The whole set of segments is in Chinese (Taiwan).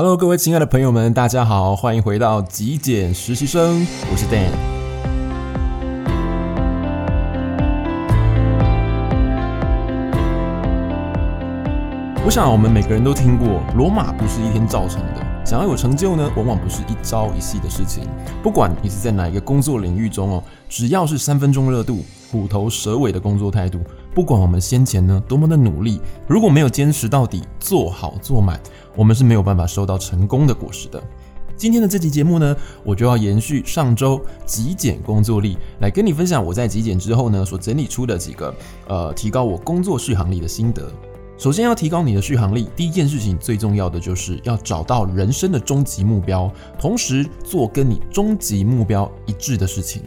Hello，各位親愛的朋友們，大家好，歡迎回到極簡實習生，我是 Dan。我想我們每個人都聽過“羅馬不是一天造成的”，想要有成就呢，往往不是一朝一夕的事情。不管你是在哪一個工作領域中哦，只要是三分鐘熱度、虎頭蛇尾的工作態度。不管我們先前呢多麼的努力，如果沒有堅持到底，做好做滿，我們是沒有辦法收到成功的果實的。今天的這期節目呢，我就要延續上周極簡工作力，來跟你分享我在極簡之後呢所整理出的幾個呃提高我工作續航力的心得。首先要提高你的續航力，第一件事情最重要的就是要找到人生的終極目標，同時做跟你終極目標一致的事情。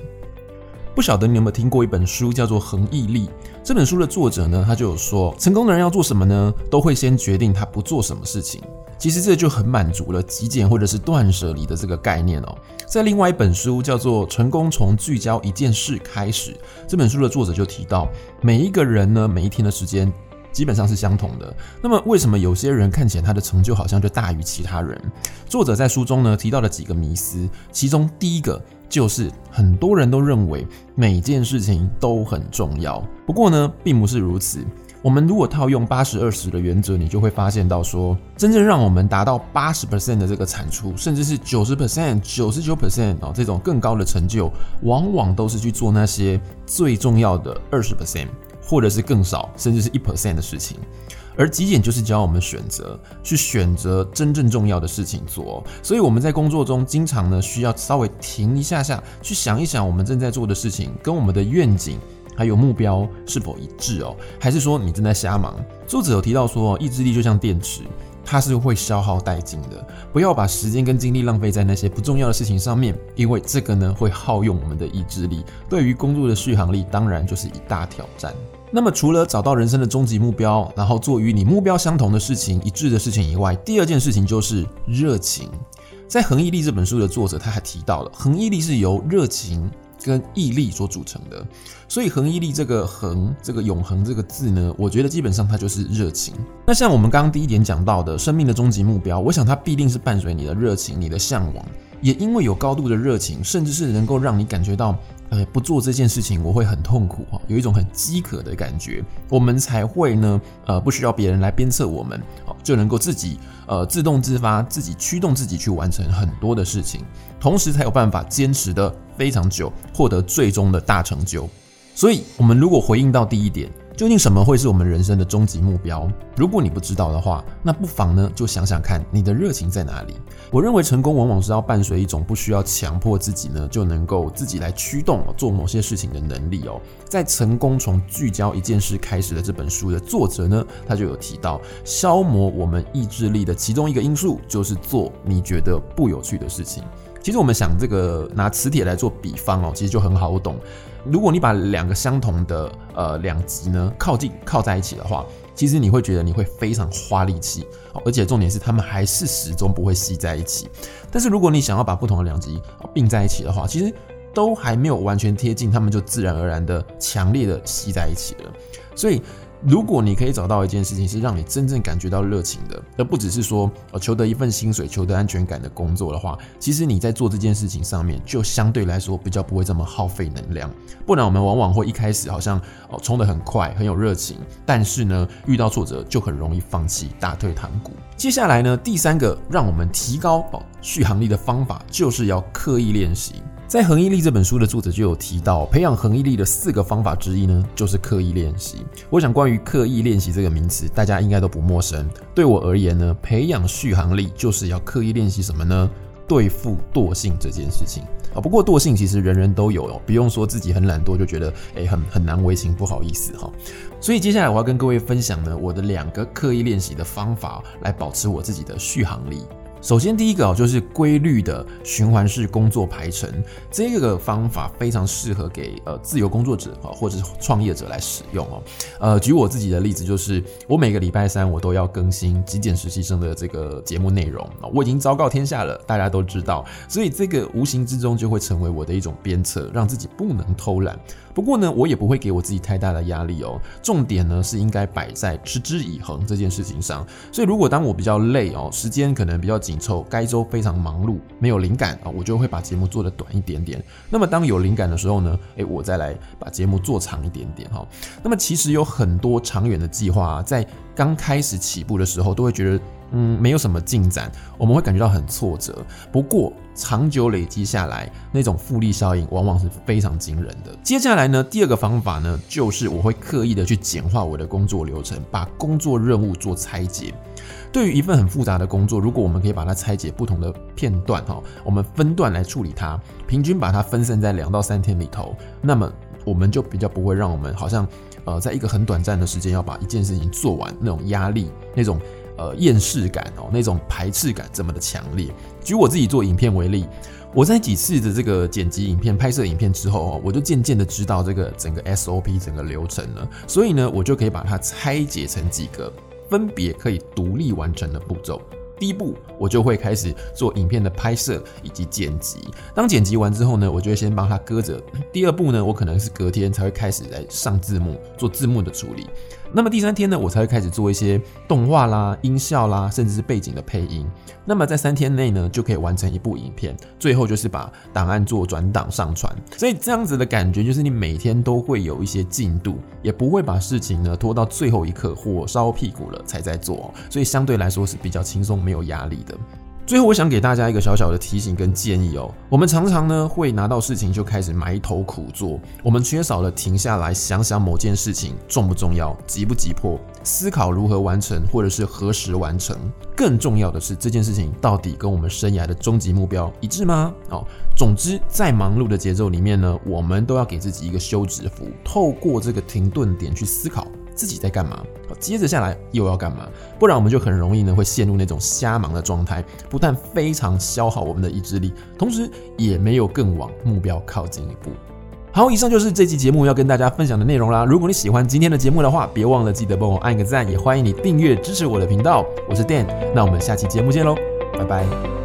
不曉得你有沒有聽過一本書叫做《恆毅力》？這本書的作者呢，他就有說，成功的人要做什麼呢？都會先決定他不做什麼事情。其實這就很滿足了極簡或者是斷捨離的這個概念哦。在另外一本書叫做《成功從聚焦一件事開始》，這本書的作者就提到，每一個人呢，每一天的時間。基本上是相同的。那麼，為什麼有些人看起來他的成就好像就大於其他人？作者在書中呢提到了幾個迷思，其中第一個就是很多人都認為每件事情都很重要。不過呢，並不是如此。我們如果套用八十二十的原則，你就會發現到說，真正讓我們達到八十 percent 的這個產出，甚至是九十 percent、九十九 percent 啊這種更高的成就，往往都是去做那些最重要的二十 percent，或者是更少，甚至是一 percent 的事情，而極簡就是教我們選擇，去選擇真正重要的事情做。所以我們在工作中經常呢，需要稍微停一下下，去想一想我們正在做的事情跟我們的願景還有目標是否一致哦，還是說你正在瞎忙？作者有提到說，意志力就像電池。它是會消耗殆盡的，不要把時間跟精力浪費在那些不重要的事情上面，因為這個呢會耗用我們的意志力。對於工作的續航力，當然就是一大挑戰。那麼，除了找到人生的終極目標，然後做與你目標相同的事情、一致的事情以外，第二件事情就是熱情。在《恆毅力》這本書的作者他還提到了，恆毅力是由熱情。跟毅力所組成的，所以恆毅力這個恆，這個永恆這個字呢，我覺得基本上它就是熱情。那像我們剛剛第一點講到的生命的終極目標，我想它必定是伴隨你的熱情、你的嚮往，也因為有高度的熱情，甚至是能夠讓你感覺到，呃，不做這件事情我會很痛苦，有一種很飢渴的感覺，我們才會呢，呃，不需要別人來鞭策我們。就能夠自己呃自動自發、自己驅動自己去完成很多的事情，同時才有辦法堅持得非常久，獲得最終的大成就。所以，我們如果回應到第一點。究竟什麼會是我們人生的終極目標？如果你不知道的話，那不妨呢，就想想看，你的熱情在哪裡？我認為成功往往是要伴隨一種不需要強迫自己呢，就能夠自己來驅動做某些事情的能力哦。在《成功從聚焦一件事開始》的這本書的作者呢，他就有提到，消磨我們意志力的其中一個因素就是做你覺得不有趣的事情。其實我們想這個拿磁鐵來做比方哦，其實就很好懂。如果你把兩個相同的呃兩極呢靠近，靠在一起的話，其實你會覺得你會非常花力氣，而且重點是它們還是始終不會吸在一起。但是如果你想要把不同的兩極併在一起的話，其實都還沒有完全貼近，它們就自然而然的強烈的吸在一起了，所以。如果你可以找到一件事情是讓你真正感覺到熱情的，而不只是說呃求得一份薪水，求得安全感的工作的話，其實你在做這件事情上面就相對來說比較不會這麼耗費能量。不然我們往往會一開始好像哦衝得很快，很有熱情，但是呢遇到挫折就很容易放棄，打退堂鼓。接下來呢，第三個讓我們提高續航力的方法就是要刻意練習。在《恆毅力》這本書的作者就有提到，培養恆毅力的四個方法之一呢，就是刻意練習。我想，關於刻意練習這個名詞，大家應該都不陌生。對我而言呢，培養續航力就是要刻意練習什麼呢？對付惰性這件事情啊。不過，惰性其實人人都有，哦，不用說自己很懶惰就覺得哎很很難為情，不好意思哈。所以，接下來我要跟各位分享呢，我的兩個刻意練習的方法，來保持我自己的續航力。首先，第一個啊，就是規律的循環式工作排程，這個方法非常適合給呃自由工作者啊，或者是創業者來使用哦。呃，舉我自己的例子，就是我每個禮拜三我都要更新《極簡實習生》的這個節目內容，我已經昭告天下了，大家都知道，所以這個無形之中就會成為我的一種鞭策，讓自己不能偷懶。不過呢，我也不會給我自己太大的壓力哦。重點呢是應該擺在持之以恆這件事情上。所以，如果當我比較累哦，時間可能比較緊。緊湊，該周非常忙碌，沒有靈感啊，我就會把節目做得短一點點。那麼當有靈感的時候呢，誒，我再來把節目做長一點點。好，那麼其實有很多長遠的計劃，在剛開始起步的時候都會覺得嗯沒有什麼進展，我們會感覺到很挫折。不過長久累積下來，那種複利效應往往是非常驚人的。接下來呢，第二個方法呢，就是我會刻意的去簡化我的工作流程，把工作任務做拆解。對於一份很複雜的工作，如果我們可以把它拆解不同的片段哈，我們分段來處理它，平均把它分散在兩到三天裡頭，那麼我們就比較不會讓我們好像呃，在一個很短暫的時間要把一件事情做完，那種壓力、那種呃厭世感哦，那種排斥感這麼的強烈。舉我自己做影片為例，我在幾次的這個剪輯影片、拍攝影片之後哦，我就漸漸的知道這個整個 SOP 整個流程了，所以呢，我就可以把它拆解成幾個。分別可以獨立完成的步驟。第一步，我就會開始做影片的拍攝以及剪輯。當剪輯完之後呢，我就會先幫它擱着。第二步呢，我可能是隔天才會開始來上字幕，做字幕的處理。那麼第三天呢，我才會開始做一些動畫啦、音效啦，甚至是背景的配音。那麼在三天內呢，就可以完成一部影片。最後就是把檔案做轉檔上傳。所以這樣子的感覺就是，你每天都會有一些進度，也不會把事情呢拖到最後一刻，火燒屁股了才在做。所以相對來說是比較輕鬆、沒有壓力的。最後，我想給大家一個小小的提醒跟建議哦。我們常常呢會拿到事情就開始埋頭苦做，我們缺少了停下來想想某件事情重不重要、急不急迫，思考如何完成或者是何時完成。更重要的是，這件事情到底跟我們生涯的終極目標一致嗎？哦，總之，在忙碌的節奏裡面呢，我們都要給自己一個休止符，透過這個停頓點去思考。自己在幹嘛？接着下來又要幹嘛？不然我們就很容易呢，會陷入那種瞎忙的狀態，不但非常消耗我們的意志力，同時也沒有更往目標靠近一步。好，以上就是這期節目要跟大家分享的內容啦。如果你喜歡今天的節目的話，別忘了記得幫我按個讚，也歡迎你訂閱支持我的頻道。我是 Dan，那我們下期節目見嘍，拜拜。